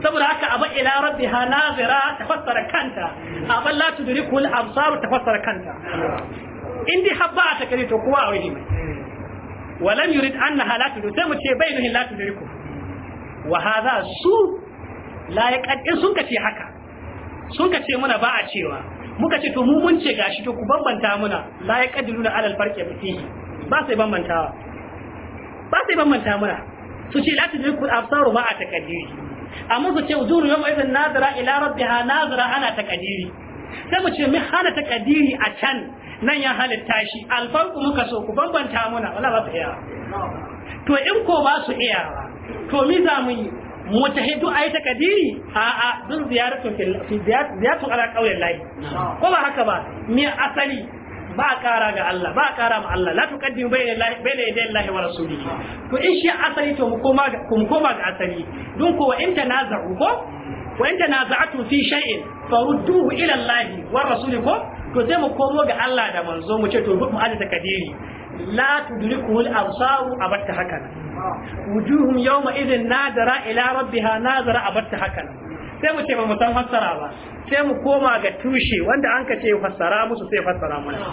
saboda haka a ba ila rabbiha nazira ta fassara kanta a ba la tudrikul absar ta fassara kanta in dai habba ta kadiri to kuma a wani mai walam yurid annaha la tudriku sai mu ce bai nuhin la ku? wa hadha su la yaqad in sun kace haka sun ka ce muna ba a cewa muka ce to mun ce gashi to ku bambanta muna la ya kadiluna alal farqi fihi ba sai bambantawa ba sai bambanta muna su ce la tudriku absaru ma a takadiri amma su ce uzuru yawma idan nazara ila rabbiha nazara ana takadiri sai mu ce mu hana takadiri a can nan ya halitta shi alfarku muka so ku bambanta muna wala ba su iya to in ko ba su iya to mi za mu yi mutahidu ai ta kadiri a a dun ziyaratu fil ziyaratu ala qawlin lahi ko ba haka ba ni asali ba kara ga Allah ba kara ma Allah la tuqaddimu bayna Allah bayna yaday Allah wa rasulihi to in shi asali to mu koma ga ga asali dun ko in tanaza'u ko wa in tanaza'atu fi shay'in farudduhu ila Allah wa rasulihi ko to sai mu komo ga Allah da manzo mu ce to mu aje takadiri la tudrikuhu al-absaru abatta hakan. wujuhum yawma idin nadara ila rabbiha nadara abatta hakan sai mu ce ba mu san fassara ba sai mu koma ga tushe wanda an ka ce fassara musu sai fassara mana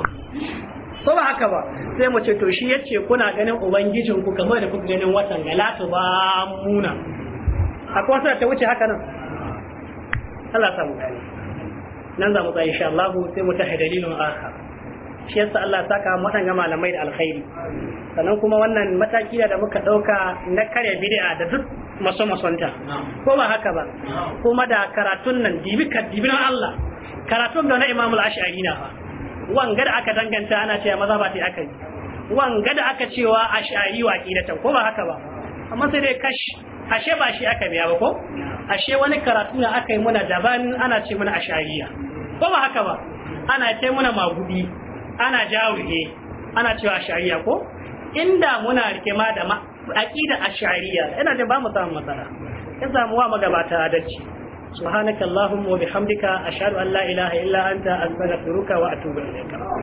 ko ba haka ba sai mu ce to shi yace kuna ganin ubangijin ku kamar da kuka ganin watan galatu ba muna akwai wata ta wuce haka nan Allah samu gani nan za mu tsaya insha Allah sai mu tahi dalilin akhar shi yasa Allah ta matan mu malamai da alkhairi sannan kuma wannan mataki da muka ɗauka na karya bid'a da duk maso-masonta ko ba haka ba kuma da karatun nan dibi ka dibi na Allah karatun da na al ash'ari na fa wanga da aka danganta ana cewa maza ba ta aka yi wanga da aka cewa ash'ari wa ta, ko ba haka ba amma sai dai kash ashe ba shi aka biya ba ko ashe wani karatu na aka yi muna daban ana ce muna ash'ariya ko ba haka ba ana ce muna magudi ana jawuhe ana cewa ash'ariya ko inda muna rike ma da aqida ash'ariyya ina jin ba mu samu matsala ya samu wa magabata adalci subhanakallahumma wa bihamdika ashhadu an la ilaha illa anta astaghfiruka wa atubu ilaik